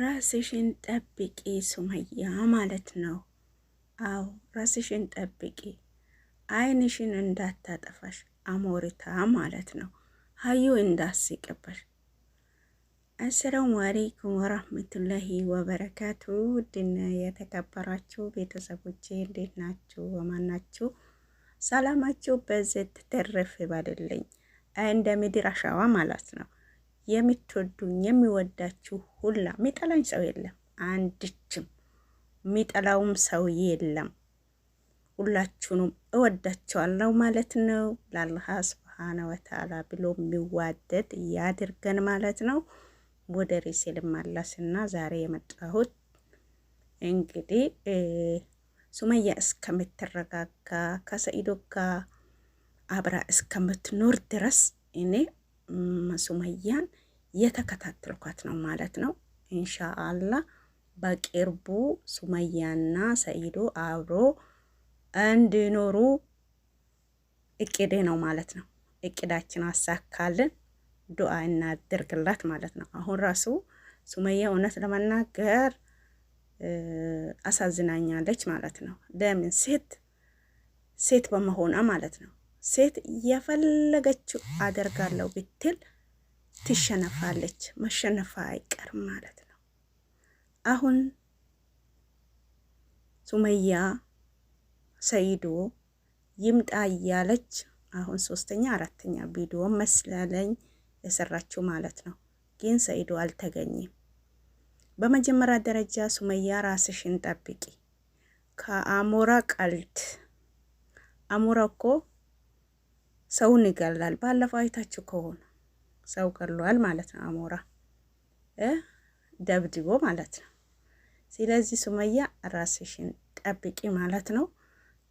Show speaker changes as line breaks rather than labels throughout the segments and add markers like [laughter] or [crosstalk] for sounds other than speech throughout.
ራስሽን ጠብቂ ሱመያ ማለት ነው። አዎ ራስሽን ጠብቂ፣ አይንሽን እንዳታጠፋሽ አሞሪታ ማለት ነው። ሀዩ እንዳስቅበሽ። አሰላሙ አለይኩም ወራህመቱላሂ ወበረካቱ። ውድና የተከበራችሁ ቤተሰቦቼ እንዴት ናችሁ? ወማናችሁ? ሰላማችሁ በዝት ተረፍ ይበልልኝ እንደ ምድር አሸዋ ማለት ነው። የምትወዱኝ የሚወዳችሁ ሁላ የሚጠላኝ ሰው የለም፣ አንድችም የሚጠላውም ሰው የለም። ሁላችሁንም እወዳቸዋለሁ ማለት ነው። ለአላህ ስብሓነ ወተዓላ ብሎ የሚዋደድ ያድርገን ማለት ነው። ወደ ሬሴ ልማላስና ዛሬ የመጣሁት እንግዲህ ሱመያ እስከምትረጋጋ ከሰኢዶ ጋር አብራ እስከምትኖር ድረስ እኔ ሱመያን የተከታተልኳት ነው ማለት ነው። ኢንሻአላ በቅርቡ ሱመያና ሰኢዶ አብሮ እንዲኖሩ እቅዴ ነው ማለት ነው። እቅዳችን አሳካልን ዱአ እናድርግላት ማለት ነው። አሁን ራሱ ሱመያ እውነት ለመናገር አሳዝናኛለች ማለት ነው። ለምን ሴት ሴት በመሆኗ ማለት ነው። ሴት የፈለገችው አደርጋለሁ ብትል ትሸነፋለች። መሸነፋ አይቀርም ማለት ነው። አሁን ሱመያ ሰይዶ ይምጣ እያለች አሁን ሶስተኛ አራተኛ ቪዲዮ መስለለኝ የሰራችው ማለት ነው። ግን ሰይዶ አልተገኘም። በመጀመሪያ ደረጃ ሱመያ ራስሽን ጠብቂ ከአሞራ ቀልድ አሞራ እኮ ሰውን ይገላል። ባለፈው አይታችሁ ከሆነ ሰው ገሏል ማለት ነው፣ አሞራ ደብድቦ ማለት ነው። ስለዚህ ሱመያ ራስሽን ጠብቂ ማለት ነው።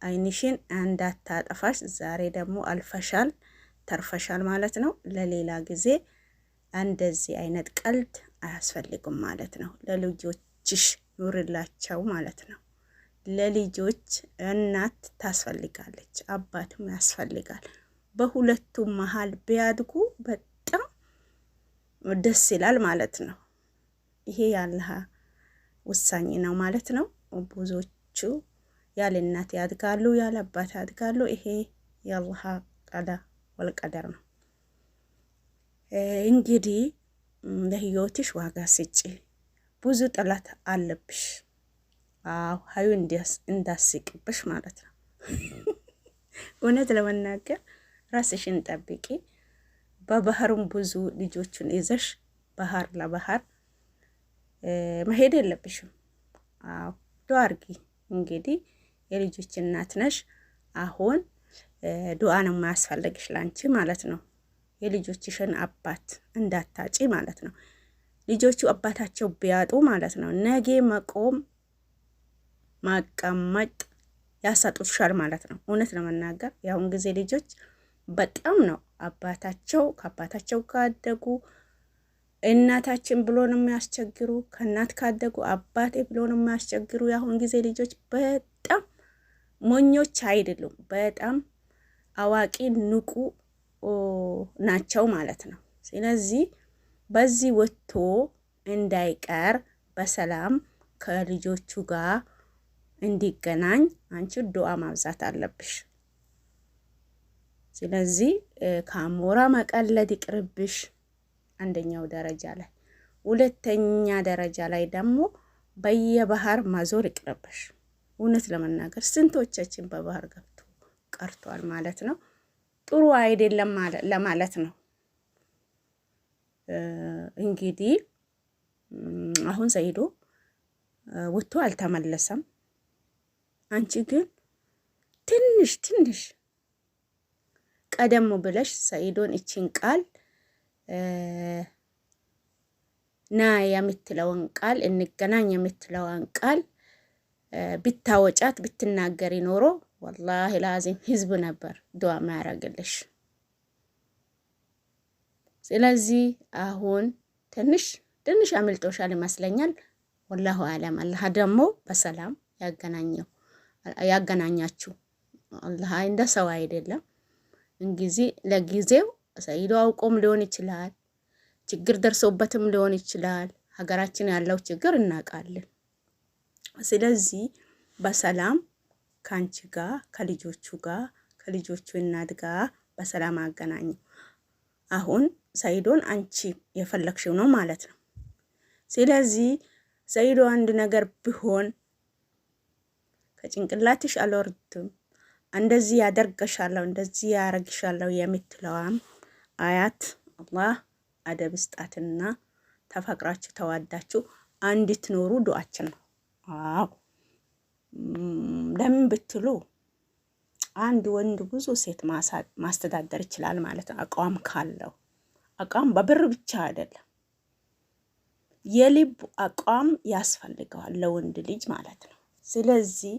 አይንሽን እንዳታጠፋሽ። ዛሬ ደግሞ አልፈሻል፣ ተርፈሻል ማለት ነው። ለሌላ ጊዜ እንደዚህ አይነት ቀልድ አያስፈልግም ማለት ነው። ለልጆችሽ ኑርላቸው ማለት ነው። ለልጆች እናት ታስፈልጋለች፣ አባትም ያስፈልጋል። በሁለቱም መሀል ቢያድጉ በጣም ደስ ይላል ማለት ነው። ይሄ ያለሃ ውሳኝ ነው ማለት ነው። ብዙዎቹ ያለ እናት ያድጋሉ፣ ያለ አባት ያድጋሉ። ይሄ የአላህ ቀዳ ወልቀደር ነው። እንግዲህ ለህይወትሽ ዋጋ ስጪ። ብዙ ጥላት አለብሽ። አዎ ሀዩ እንዳስቅብሽ ማለት ነው። [laughs] እውነት ለመናገር ራስሽን ጠብቂ። በባህሩም ብዙ ልጆቹን ይዘሽ ባህር ለባህር መሄድ የለብሽም። አዎ ዱአ አርጊ። እንግዲህ የልጆች እናት ነሽ። አሁን ዱአ ነው የማያስፈልግሽ ላንቺ ማለት ነው። የልጆችሽን አባት እንዳታጪ ማለት ነው። ልጆቹ አባታቸው ቢያጡ ማለት ነው ነገ መቆም ማቀመጥ ያሳጡሻል ማለት ነው። እውነት ለመናገር የአሁን ጊዜ ልጆች በጣም ነው አባታቸው ከአባታቸው ካደጉ እናታችን ብሎ ነው የሚያስቸግሩ። ከእናት ካደጉ አባቴ ብሎ ነው የሚያስቸግሩ። የአሁን ጊዜ ልጆች በጣም ሞኞች አይደሉም፣ በጣም አዋቂ ንቁ ናቸው ማለት ነው። ስለዚህ በዚህ ወጥቶ እንዳይቀር በሰላም ከልጆቹ ጋር እንዲገናኝ አንቺ ዱዓ ማብዛት አለብሽ። ስለዚህ ከአሞራ መቀለድ ይቅርብሽ። አንደኛው ደረጃ ላይ ሁለተኛ ደረጃ ላይ ደግሞ በየባህር ማዞር ይቅርብሽ። እውነት ለመናገር ስንቶቻችን በባህር ገብቶ ቀርቷል ማለት ነው። ጥሩ አይደለም ለማለት ነው። እንግዲህ አሁን ሰይዶ ወጥቶ አልተመለሰም። አንቺ ግን ትንሽ ትንሽ ቀደም ብለሽ ሰኢዶን እቺን ቃል ና የምትለውን ቃል እንገናኝ የምትለውን ቃል ብታወጫት ብትናገሪ ኖሮ ወላሂ ላዚም ህዝብ ነበር ዱዓ ማያረግልሽ። ስለዚህ አሁን ትንሽ ትንሽ አምልጦሻል ይመስለኛል። ወላሁ አለም አላህ ደግሞ በሰላም ያገናኘው ያገናኛችሁ። አላህ እንደ ሰው አይደለም። እንጊዜ ለጊዜው ሰይዶ አውቆም ሊሆን ይችላል፣ ችግር ደርሶበትም ሊሆን ይችላል። ሀገራችን ያለው ችግር እናውቃለን። ስለዚህ በሰላም ከአንቺ ጋር ከልጆቹ ጋር ከልጆቹ እናት ጋር በሰላም አገናኙ። አሁን ሰይዶን አንቺ የፈለግሽው ነው ማለት ነው። ስለዚህ ሰይዶ አንድ ነገር ቢሆን ከጭንቅላትሽ አልወርድም እንደዚህ ያደርገሻለሁ እንደዚህ ያረግሻለሁ የምትለዋም አያት አላህ አደብ ስጣትና ተፈቅራችሁ ተዋዳችሁ እንድትኖሩ ዱዓችን ነው። አዎ ለምን ብትሉ አንድ ወንድ ብዙ ሴት ማስተዳደር ይችላል ማለት ነው፣ አቋም ካለው አቋም በብር ብቻ አይደለም። የልብ አቋም ያስፈልገዋል ለወንድ ልጅ ማለት ነው። ስለዚህ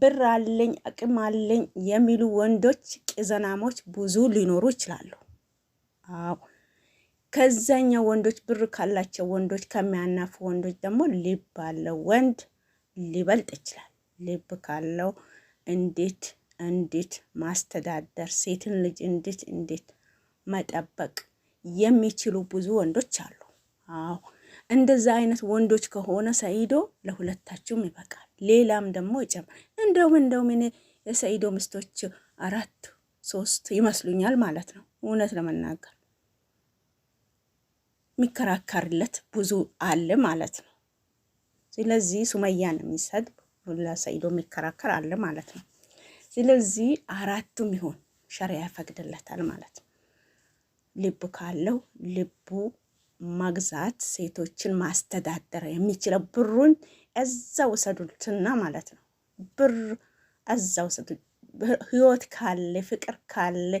ብር አለኝ አቅም አለኝ የሚሉ ወንዶች ቅዘናሞች ብዙ ሊኖሩ ይችላሉ። አዎ ከዛኛ ወንዶች ብር ካላቸው ወንዶች ከሚያናፉ ወንዶች ደግሞ ልብ አለው ወንድ ሊበልጥ ይችላል። ልብ ካለው እንዴት እንዴት ማስተዳደር ሴትን ልጅ እንዴት እንዴት መጠበቅ የሚችሉ ብዙ ወንዶች አሉ። አዎ እንደዛ አይነት ወንዶች ከሆነ ሰይዶ ለሁለታችሁም ይበቃል። ሌላም ደግሞ ይጨምር። እንደውም እንደውም እኔ የሰኢዶ ምስቶች አራት ሶስት ይመስሉኛል ማለት ነው። እውነት ለመናገር የሚከራከርለት ብዙ አለ ማለት ነው። ስለዚህ ሱመያን የሚሰድብ ለሰኢዶ የሚከራከር አለ ማለት ነው። ስለዚህ አራቱም ይሆን ሸሪያ ይፈቅድለታል ማለት ነው። ልብ ካለው ልቡ መግዛት ሴቶችን ማስተዳደር የሚችለው ብሩን እዛ ውሰዱትና ማለት ነው። ብር እዛ ውሰዱ። ህይወት ካለ ፍቅር ካለ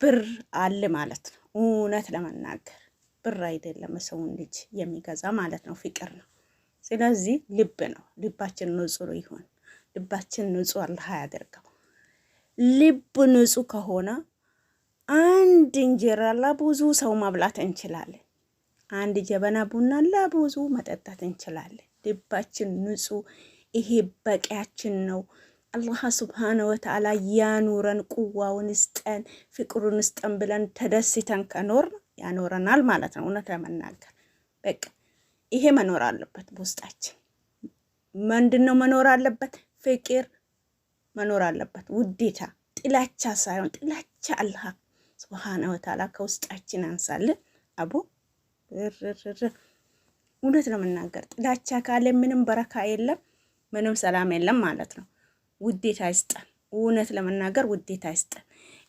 ብር አለ ማለት ነው። እውነት ለመናገር ብር አይደለም ሰውን ልጅ የሚገዛ ማለት ነው፣ ፍቅር ነው። ስለዚህ ልብ ነው። ልባችን ንጹህ ይሆን። ልባችን ንጹህ አላህ ያደርገው። ልብ ንጹህ ከሆነ አንድ እንጀራ ለብዙ ሰው ማብላት እንችላለን። አንድ ጀበና ቡና ለብዙ መጠጣት እንችላለን። ልባችን ንጹህ፣ ይሄ በቂያችን ነው። አላህ ስብሓነ ወተዓላ ያኑረን፣ ቁዋውን ስጠን፣ ፍቅሩን ስጠን ብለን ተደስተን ከኖር ያኖረናል ማለት ነው። እውነት ለመናገር በቃ ይሄ መኖር አለበት በውስጣችን። ምንድን ነው መኖር አለበት? ፍቅር መኖር አለበት። ውዴታ፣ ጥላቻ ሳይሆን ጥላቻ አላህ ስብሓነ ወተዓላ ከውስጣችን አንሳልን አቦ እውነት ነው የምናገር። ጥላቻ ካለ ምንም በረካ የለም፣ ምንም ሰላም የለም ማለት ነው። ውዴት አይስጠን። እውነት ለመናገር ውዴት አይስጠን።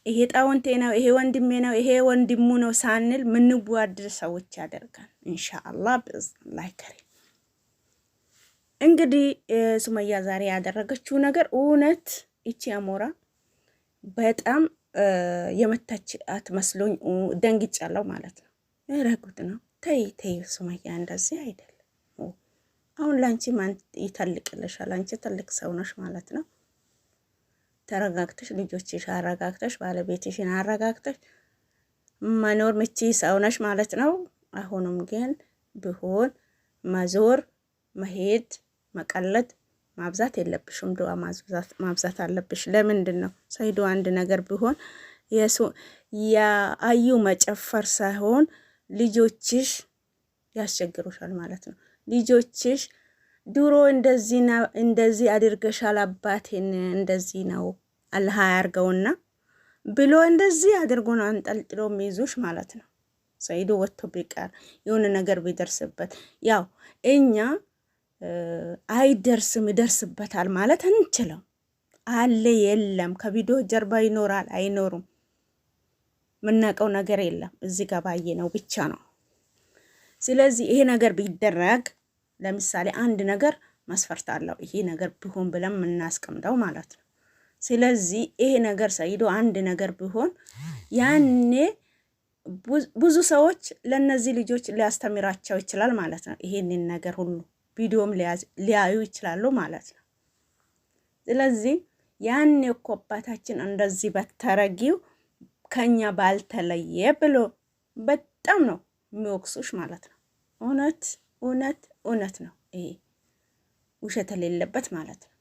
ይሄ ጣውንቴ ነው፣ ይሄ ወንድሜ ነው፣ ይሄ ወንድሙ ነው ሳንል ምንዋድር ሰዎች ያደርጋል። እንሻአላ በእዝኒላህ ከሬ እንግዲህ ሱመያ ዛሬ ያደረገችው ነገር እውነት ይቺ አሞራ በጣም የመታች አትመስሎኝ ደንግጫለው ማለት ነው። ረጉት ነው ተይ ተይ ሱመያ እንደዚህ አይደለም። አሁን ለአንቺ ማን ይተልቅልሻል? አንቺ ትልቅ ሰው ነሽ ማለት ነው። ተረጋግተሽ ልጆችሽ አረጋግተሽ ባለቤትሽን አረጋግተሽ መኖር ምቺ ሰው ነሽ ማለት ነው። አሁንም ግን ቢሆን መዞር፣ መሄድ፣ መቀለድ ማብዛት የለብሽም። ዱዓ ማብዛት አለብሽ። ለምንድን ነው ሰይዶ አንድ ነገር ቢሆን የአዩ መጨፈር ሳይሆን ልጆችሽ ያስቸግሩሻል ማለት ነው። ልጆችሽ ድሮ እንደዚህ አድርገሻል አባቴን እንደዚህ ነው አላህ ያርገውና ብሎ እንደዚህ አድርጎ ነው አንጠልጥሎ የሚይዙሽ ማለት ነው። ሰይዶ ወጥቶ ቢቀር የሆነ ነገር ቢደርስበት ያው እኛ አይደርስም ይደርስበታል ማለት አንችለው። አለ የለም ከቪዲዮ ጀርባ ይኖራል አይኖሩም የምናውቀው ነገር የለም እዚህ ጋር ባየነው ብቻ ነው። ስለዚህ ይሄ ነገር ቢደረግ ለምሳሌ አንድ ነገር መስፈርት አለው። ይሄ ነገር ቢሆን ብለን የምናስቀምጠው ማለት ነው። ስለዚህ ይሄ ነገር ሰይዶ አንድ ነገር ቢሆን ያኔ ብዙ ሰዎች ለነዚህ ልጆች ሊያስተምራቸው ይችላል ማለት ነው። ይሄንን ነገር ሁሉ ቪዲዮም ሊያዩ ይችላሉ ማለት ነው። ስለዚህ ያኔ እኮ አባታችን እንደዚህ በተረጊው ከኛ ባልተለየ ብሎ በጣም ነው የሚወቅሱሽ ማለት ነው። እውነት እውነት እውነት ነው ይሄ ውሸት የሌለበት ማለት ነው።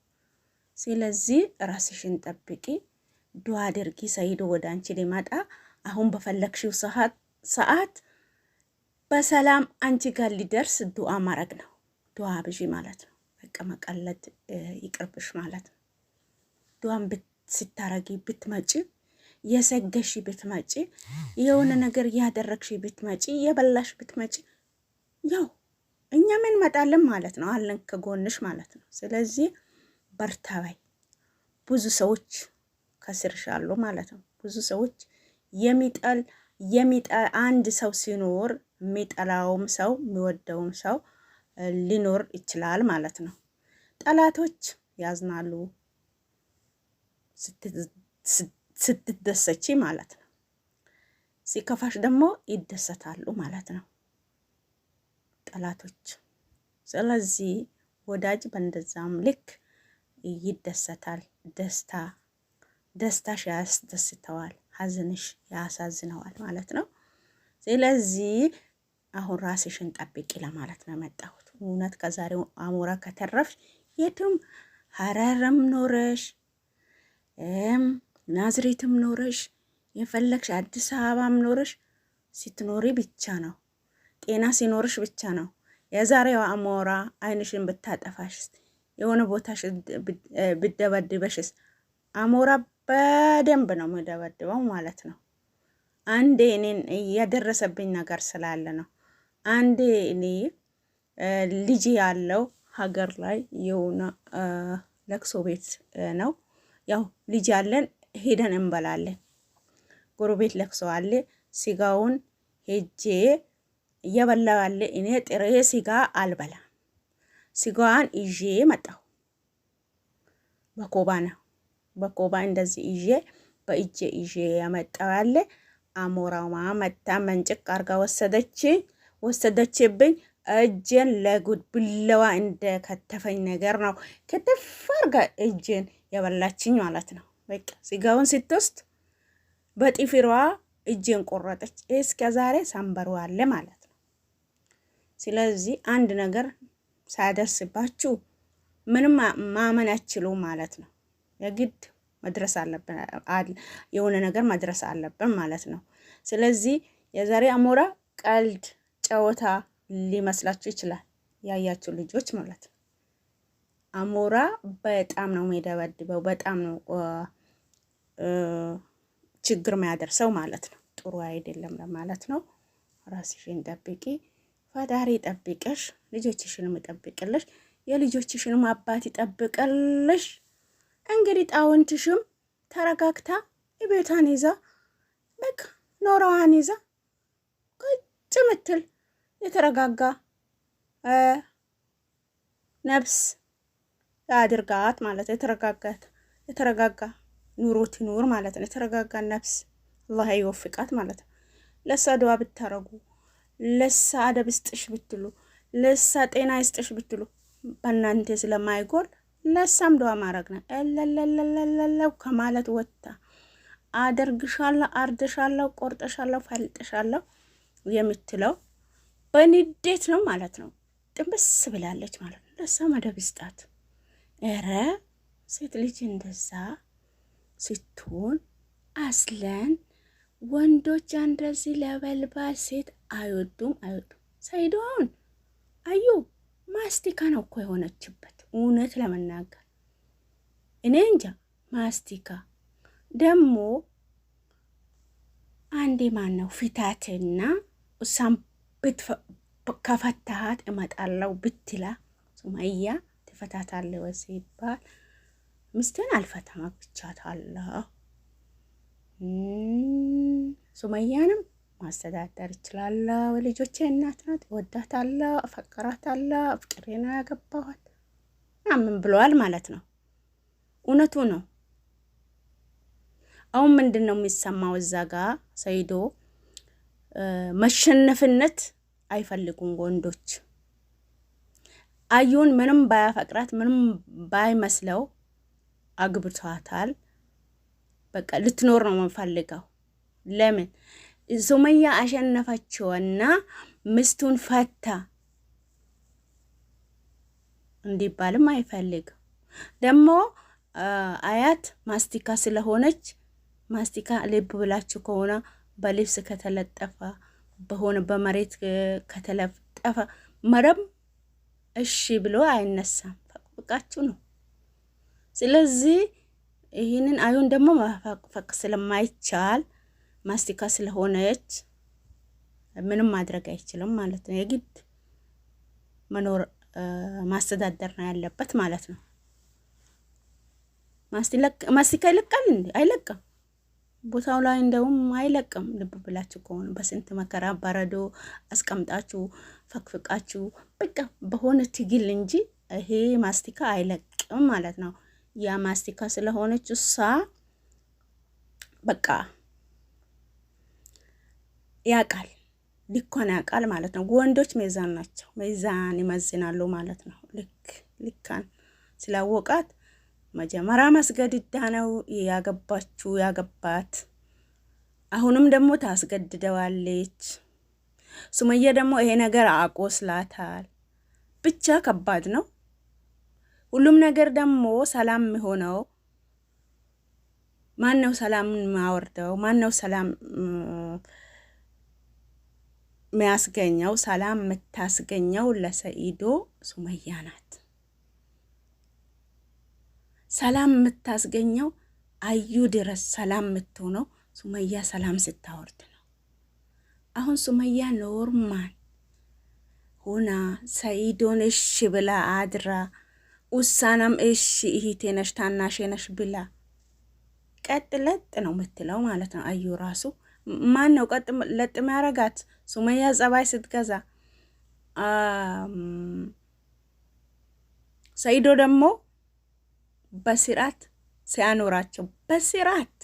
ስለዚህ ራስሽን ጠብቂ፣ ዱዓ አድርጊ። ሰይዶ ወደ አንቺ ሊመጣ አሁን በፈለግሽው ሰዓት በሰላም አንቺ ጋር ሊደርስ ዱዓ ማድረግ ነው። ዱዓ ብዢ ማለት ነው። በቃ መቀለድ ይቅርብሽ ማለት ነው። ዱዓን ስታረጊ ብትመጪ የሰገሽ ብትመጪ የሆነ ነገር ያደረግሽ ብትመጪ የበላሽ ብትመጪ ያው እኛም እንመጣለን ማለት ነው፣ አለን ከጎንሽ ማለት ነው። ስለዚህ በርታባይ ብዙ ሰዎች ከስርሽ አሉ ማለት ነው። ብዙ ሰዎች የሚጠል የሚጠል አንድ ሰው ሲኖር የሚጠላውም ሰው የሚወደውም ሰው ሊኖር ይችላል ማለት ነው። ጠላቶች ያዝናሉ ስትደሰቺ ማለት ነው። ሲከፋሽ ደግሞ ይደሰታሉ ማለት ነው ጠላቶች። ስለዚህ ወዳጅ በእንደዛም ልክ ይደሰታል። ደስታ ደስታሽ ያስደስተዋል፣ ሀዘንሽ ያሳዝነዋል ማለት ነው። ስለዚህ አሁን ራስሽን ጠብቂ ለማለት ነው የመጣሁት። እውነት ከዛሬው አሞራ ከተረፍሽ የትም ሀረርም ኖረሽ ናዝሬትም ኖረሽ የፈለግሽ አዲስ አበባም ኖረሽ ስትኖሪ ብቻ ነው ጤና ሲኖርሽ ብቻ ነው። የዛሬዋ አሞራ አይንሽን ብታጠፋሽስ የሆነ ቦታሽ ብደበድበሽስ? አሞራ በደንብ ነው የምደበድበው ማለት ነው። አንዴ እኔን ያደረሰብኝ ነገር ስላለ ነው። አንዴ እኔ ልጅ ያለው ሀገር ላይ የሆነ ለቅሶ ቤት ነው ያው ልጅ ያለን ሄደን እንበላለን። ጎረቤት ለቅሶ አለ። ስጋውን ሄጄ እየበላው ያለ እኔ ጥሬ ስጋ አልበላ። ስጋዋን ይዤ መጣሁ። በኮባ ነው በኮባ እንደዚህ ይዤ በእጄ ይዤ ያመጣው ያለ አሞራማ መታ መንጭቅ አርጋ ወሰደች ወሰደችብኝ። እጄን ለጉድ ብለዋ እንደ ከተፈኝ ነገር ነው። ከተፍ እጅን እጄን የበላችኝ ማለት ነው። በቃ ስጋውን ስትወስድ በጥፍሯ እጄን ቆረጠች። እስከ ዛሬ ሳምበሩ አለ ማለት ነው። ስለዚህ አንድ ነገር ሳያደርስባችሁ ምንም ማመን አችሉ ማለት ነው። የግድ መድረስ አለብን፣ የሆነ ነገር መድረስ አለብን ማለት ነው። ስለዚህ የዛሬ አሞራ ቀልድ ጨዋታ ሊመስላችሁ ይችላል፣ ያያችሁ ልጆች ማለት ነው። አሞራ በጣም ነው የሚደበድበው፣ በጣም ነው ችግር ማያደርሰው ማለት ነው። ጥሩ አይደለም ለማለት ነው። ራስሽን ጠብቂ፣ ፈጣሪ ጠብቀሽ፣ ልጆችሽንም ይጠብቅልሽ፣ የልጆችሽንም አባት ይጠብቅልሽ። እንግዲህ ጣውንትሽም ተረጋግታ ቤቷን ይዛ በቃ ኖረዋን ይዛ ቁጭ ምትል የተረጋጋ ነብስ አድርጋት ማለት የተረጋጋት የተረጋጋ ኑሮ ትኑር ማለት ነው። የተረጋጋ ነፍስ አላህ ይወፍቃት ማለት ነው። ለሳ ድዋ ብታረጉ፣ ለሳ አደብ ስጥሽ ብትሉ፣ ለሳ ጤና ስጥሽ ብትሉ በእናንተ ስለማይጎል ለሳም ድዋ ማድረግ ነው። ለለለለለው ከማለት ወጥታ አደርግሻለሁ፣ አርደሻለሁ፣ ቆርጠሻለሁ፣ ፈልጥሻለሁ የምትለው በንዴት ነው ማለት ነው። ጥምስ ብላለች ማለት ነው። ለሳ መደብ ስጣት። ኧረ ሴት ልጅ እንደዛ ስትሆን አስለን ወንዶች እንደዚህ ለበልባል ሴት አይወዱም አይወዱም። ሰይዶ አዩ ማስቲካ ነው እኮ የሆነችበት። እውነት ለመናገር እኔ እንጃ ማስቲካ ደግሞ አንዴ ማን ነው ፊታትና እሳም ከፈታሃት እመጣለው ብትላ ሱማያ ትፈታታለ ወይ ሲባል ሚስቴን አልፈታም አግብቻታለሁ። ሱመያንም ማስተዳደር እችላለሁ። ልጆቼ እናት ናት። እወዳታለሁ፣ አፈቅራታለሁ፣ አፍቅሬ ነው ያገባኋት ምናምን ብለዋል ማለት ነው። እውነቱ ነው። አሁን ምንድን ነው የሚሰማው? እዛ ጋ ሰይዶ መሸነፍነት አይፈልጉም ወንዶች። አዩን ምንም ባያፈቅራት ምንም ባይመስለው አግብቷታል። በቃ ልትኖር ነው የምንፈልገው። ለምን ሱመያ አሸነፈችውና ምስቱን ፈታ እንዲባልም አይፈልግም። ደግሞ አያት ማስቲካ ስለሆነች ማስቲካ ልብ ብላችሁ ከሆነ በልብስ ከተለጠፈ በሆነ በመሬት ከተለጠፈ መረብ እሺ ብሎ አይነሳም። ፈቅፍቃችሁ ነው። ስለዚህ ይህንን አዩን ደግሞ መፈቅፈቅ ስለማይቻል ማስቲካ ስለሆነች ምንም ማድረግ አይችልም ማለት ነው። የግድ መኖር ማስተዳደር ነው ያለበት ማለት ነው። ማስቲካ ይለቃል እንዴ? አይለቅም። ቦታው ላይ እንደውም አይለቅም። ልብ ብላችሁ ከሆኑ በስንት መከራ በረዶ አስቀምጣችሁ ፈቅፍቃችሁ በቃ በሆነ ትግል እንጂ ይሄ ማስቲካ አይለቅም ማለት ነው። ማስቲካ ስለሆነች እሷ በቃ ያቃል ልኳን ያውቃል ማለት ነው። ወንዶች ሚዛን ናቸው፣ ሚዛን ይመዝናሉ ማለት ነው። ልክ ልካን ስላወቃት መጀመሪያ ማስገድዳ ነው ያገባችው ያገባት። አሁንም ደግሞ ታስገድደዋለች። ሱመያ ደግሞ ይሄ ነገር አቆስላታል። ብቻ ከባድ ነው። ሁሉም ነገር ደግሞ ሰላም የሚሆነው ማን ነው? ሰላም ማወርደው ማን ነው? ሰላም የሚያስገኘው ሰላም የምታስገኘው ለሰኢዶ ሱመያ ናት። ሰላም የምታስገኘው አዩ ድረስ ሰላም የምትሆነው ሱመያ ሰላም ስታወርድ ነው። አሁን ሱመያ ኖርማል ሆና ሰኢዶን እሺ ብላ አድራ ውሳናም እሺ እህቴ ነሽ ታናሼ ነሽ ብላ ቀጥ ለጥ ነው የምትለው ማለት ነው። አዩ ራሱ ማን ነው ቀጥ ለጥ ማረጋት? ሱመያ ጸባይ ስትገዛ ሰይዶ ደግሞ በስርዓት ሲያኖራቸው በስርዓት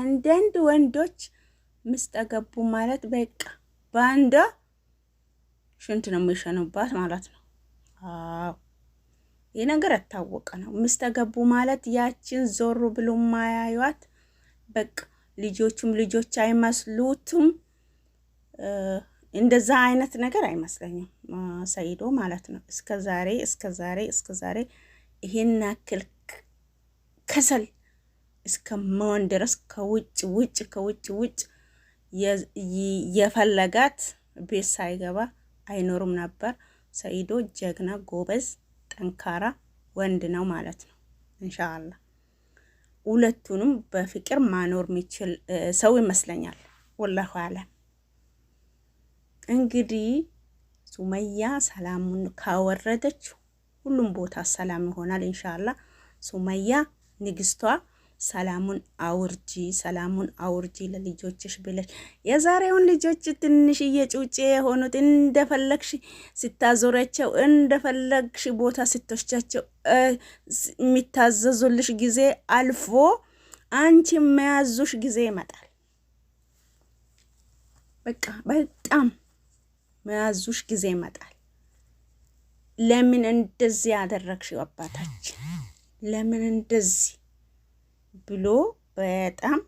አንዳንድ ወንዶች ምስጠገቡ ማለት በቃ በአንዳ ሽንት ነው የሚሸኑባት ማለት ነው። አዎ ይህ ነገር የታወቀ ነው። ምስተገቡ ማለት ያችን ዞሩ ብሎ ማያዩት በቃ ልጆቹም ልጆች አይመስሉትም። እንደዛ አይነት ነገር አይመስለኝም ሰይዶ ማለት ነው። እስከ ዛሬ እስከ ዛሬ እስከ ዛሬ ይሄን ያክል ከሰል እስከ መሆን ድረስ ከውጭ ውጭ ከውጭ ውጭ የፈለጋት ቤት ሳይገባ አይኖርም ነበር። ሰይዶ ጀግና ጎበዝ ጠንካራ ወንድ ነው ማለት ነው። እንሻአላ ሁለቱንም በፍቅር ማኖር የሚችል ሰው ይመስለኛል። ወላሁ አለም። እንግዲህ ሱመያ ሰላሙን ካወረደች ሁሉም ቦታ ሰላም ይሆናል። እንሻአላ ሱመያ ንግስቷ ሰላሙን አውርጂ፣ ሰላሙን አውርጂ ለልጆችሽ ብለሽ የዛሬውን ልጆች ትንሽዬ ጩጬ የሆኑት እንደፈለግሽ ስታዞረቸው፣ እንደፈለግሽ ቦታ ስትወስጃቸው የሚታዘዙልሽ ጊዜ አልፎ አንቺ መያዙሽ ጊዜ ይመጣል። በቃ በጣም መያዙሽ ጊዜ ይመጣል። ለምን እንደዚህ ያደረግሽው አባታችን? ለምን እንደዚህ ብሎ በጣም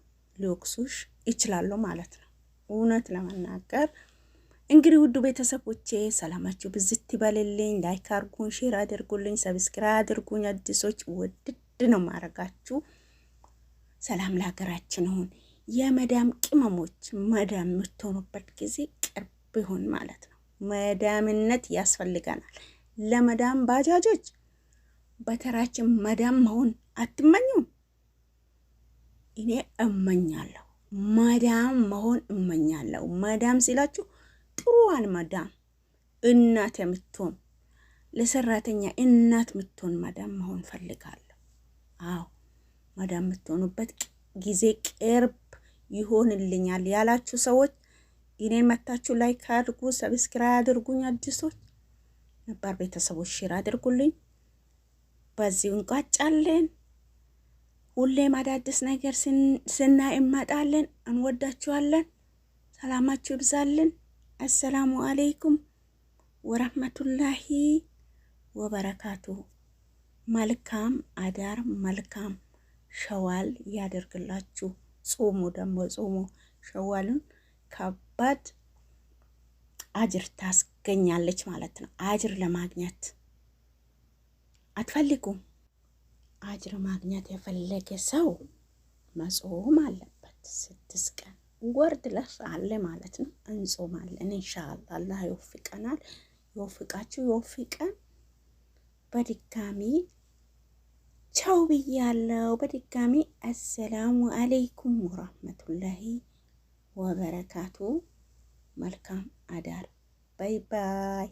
ሊወቅሱሽ ይችላሉ ማለት ነው። እውነት ለመናገር እንግዲህ ውዱ ቤተሰቦቼ ሰላማችሁ ብዝት ይበልልኝ። ላይክ አድርጉኝ፣ ሼር አድርጉልኝ፣ ሰብስክራይብ አድርጉኝ። አዲሶች ውድድ ነው ማድረጋችሁ። ሰላም ለሀገራችን ይሁን። የመዳም ቅመሞች መዳም የምትሆኑበት ጊዜ ቅርብ ይሁን ማለት ነው። መዳምነት ያስፈልገናል። ለመዳም ባጃጆች በተራችን መዳም መሆን አትመኙም? እኔ እመኛለሁ። ማዳም መሆን እመኛለሁ። ማዳም ሲላችሁ ጥሩዋን ማዳም እናት የምትሆን ለሰራተኛ እናት የምትሆን ማዳም መሆን ፈልጋለሁ። አዎ ማዳም የምትሆኑበት ጊዜ ቅርብ ይሆንልኛል ያላችሁ ሰዎች እኔን መታችሁ ላይክ አድርጉ፣ ሰብስክራይብ አድርጉኝ። አዲሶች ነባር ቤተሰቦች ሽር አድርጉልኝ። በዚሁ እንቋጫለን። ሁሌም አዳዲስ ነገር ስናይ እንመጣለን። እንወዳችኋለን። ሰላማችሁ ይብዛልን። አሰላሙ አሌይኩም ወረህመቱላሂ ወበረካቱ። መልካም አዳር፣ መልካም ሸዋል ያደርግላችሁ። ጾሙ ደግሞ ጾሙ ሸዋልን ከባድ አጅር ታስገኛለች ማለት ነው። አጅር ለማግኘት አትፈልጉም አጅር ማግኘት የፈለገ ሰው መጾም አለበት። ስድስት ቀን ወርድ ድረስ አለ ማለት ነው። እንጾማለን እንሻላ አላህ ይወፍቀናል። ይወፍቃችሁ ይወፍቀን። በድጋሚ ቻው ብያለው። በድጋሚ አሰላሙ አለይኩም ወራህመቱላሂ ወበረካቱ። መልካም አዳር። ባይ ባይ።